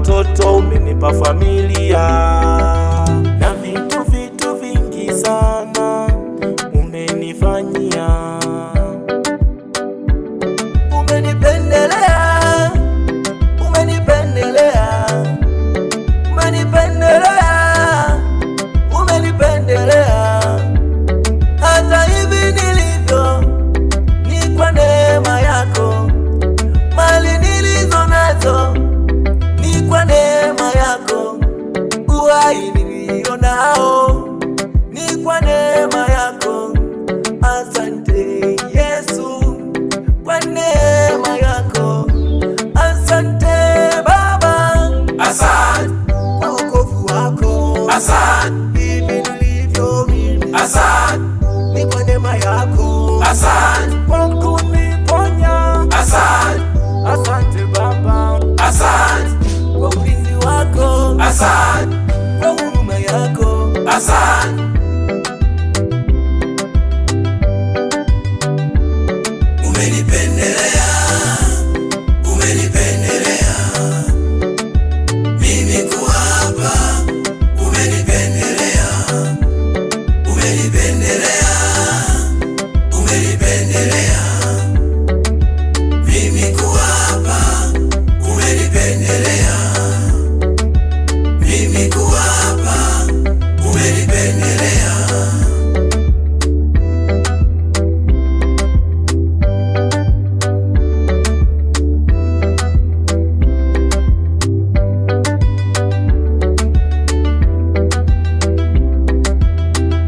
watoto, umenipa familia na vitu vitu vingi sana umenifanyia. Umenipendelea, umenipendelea, umenipendelea Hassan, Mungu niponya. Hassan, asante Baba. Hassan, kwa ulinzi wako. Hassan, kwa huruma yako. Hassan, umenipendelea, umenipendelea